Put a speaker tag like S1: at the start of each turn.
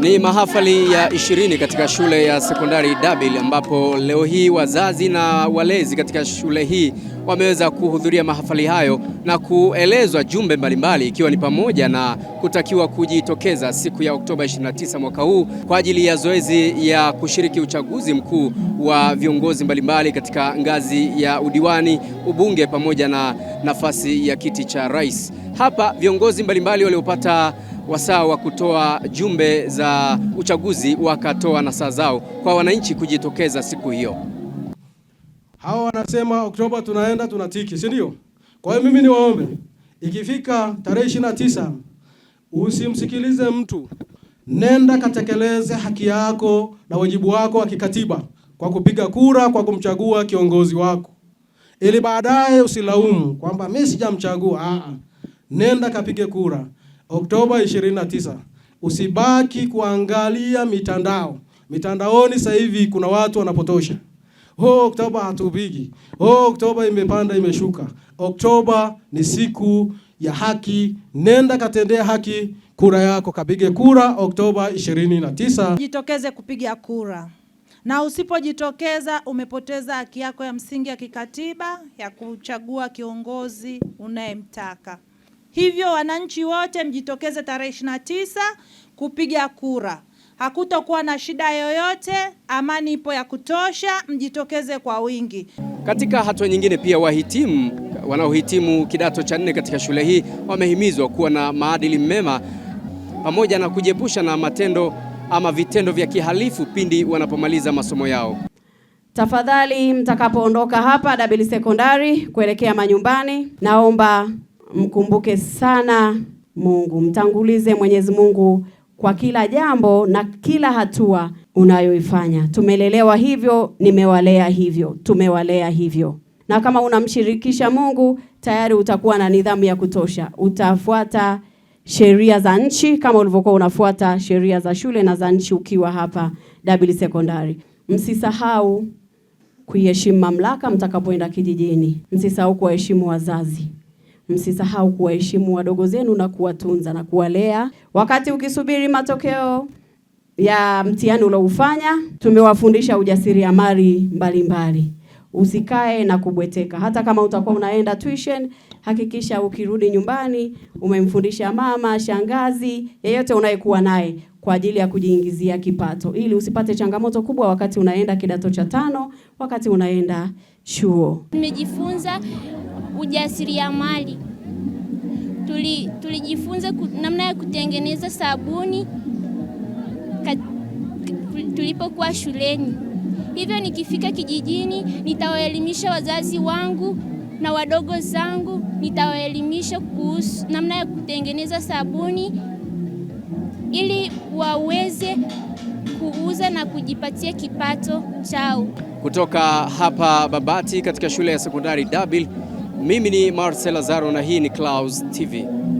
S1: Ni mahafali ya 20 katika shule ya sekondari Dabil ambapo leo hii wazazi na walezi katika shule hii wameweza kuhudhuria mahafali hayo na kuelezwa jumbe mbalimbali ikiwa ni pamoja na kutakiwa kujitokeza siku ya Oktoba 29 mwaka huu kwa ajili ya zoezi ya kushiriki uchaguzi mkuu wa viongozi mbalimbali katika ngazi ya udiwani, ubunge pamoja na nafasi ya kiti cha rais. Hapa viongozi mbalimbali waliopata wasaa wa kutoa jumbe za uchaguzi wakatoa na saa zao kwa wananchi kujitokeza siku hiyo.
S2: Hawa wanasema Oktoba tunaenda tunatiki, si ndio? Kwa hiyo mimi niwaombe, ikifika tarehe ishirini na tisa usimsikilize mtu, nenda katekeleze haki yako na wajibu wako wa kikatiba kwa kupiga kura, kwa kumchagua kiongozi wako, ili baadaye usilaumu kwamba mimi sijamchagua. Nenda kapige kura. Oktoba 29. Usibaki kuangalia mitandao. Mitandaoni sasa hivi kuna watu wanapotosha. Oh, Oktoba hatupigi. Oh, Oktoba imepanda imeshuka. Oktoba ni siku ya haki. Nenda katendea haki kura yako, kapige kura Oktoba 29.
S3: Jitokeze kupiga kura, na usipojitokeza umepoteza haki yako ya msingi ya kikatiba ya kuchagua kiongozi unayemtaka. Hivyo wananchi wote mjitokeze tarehe 29 kupiga kura. Hakutokuwa na shida yoyote, amani ipo ya kutosha, mjitokeze kwa wingi.
S1: Katika hatua nyingine pia wahitimu wanaohitimu kidato cha nne katika shule hii wamehimizwa kuwa na maadili mema pamoja na kujiepusha na matendo ama vitendo vya kihalifu pindi wanapomaliza masomo yao.
S4: Tafadhali mtakapoondoka hapa Dabili Sekondari kuelekea manyumbani, naomba mkumbuke sana Mungu, mtangulize Mwenyezi Mungu kwa kila jambo na kila hatua unayoifanya. Tumelelewa hivyo, nimewalea hivyo, tumewalea hivyo. Na kama unamshirikisha Mungu tayari utakuwa na nidhamu ya kutosha, utafuata sheria za nchi kama ulivyokuwa unafuata sheria za shule na za nchi ukiwa hapa Dabili Sekondari. Msisahau kuiheshimu mamlaka mtakapoenda kijijini, msisahau kuwaheshimu wazazi. Msisahau kuwaheshimu wadogo zenu na kuwatunza na kuwalea. Wakati ukisubiri matokeo ya mtihani ulioufanya, tumewafundisha ujasiriamali mbalimbali. Usikae na kubweteka. Hata kama utakuwa unaenda tuition, hakikisha ukirudi nyumbani umemfundisha mama, shangazi, yeyote unayekuwa naye kwa ajili ya kujiingizia kipato, ili usipate changamoto kubwa wakati unaenda kidato cha tano, wakati unaenda chuo.
S5: Nimejifunza ujasiriamali. Tuli, tulijifunza namna ya kutengeneza sabuni tulipokuwa shuleni. Hivyo nikifika kijijini nitawaelimisha wazazi wangu na wadogo zangu, nitawaelimisha kuhusu namna ya kutengeneza sabuni ili waweze kuuza na kujipatia kipato chao.
S1: Kutoka hapa Babati katika shule ya sekondari Dabil mimi ni Marcel Lazaro na hii ni Clouds TV.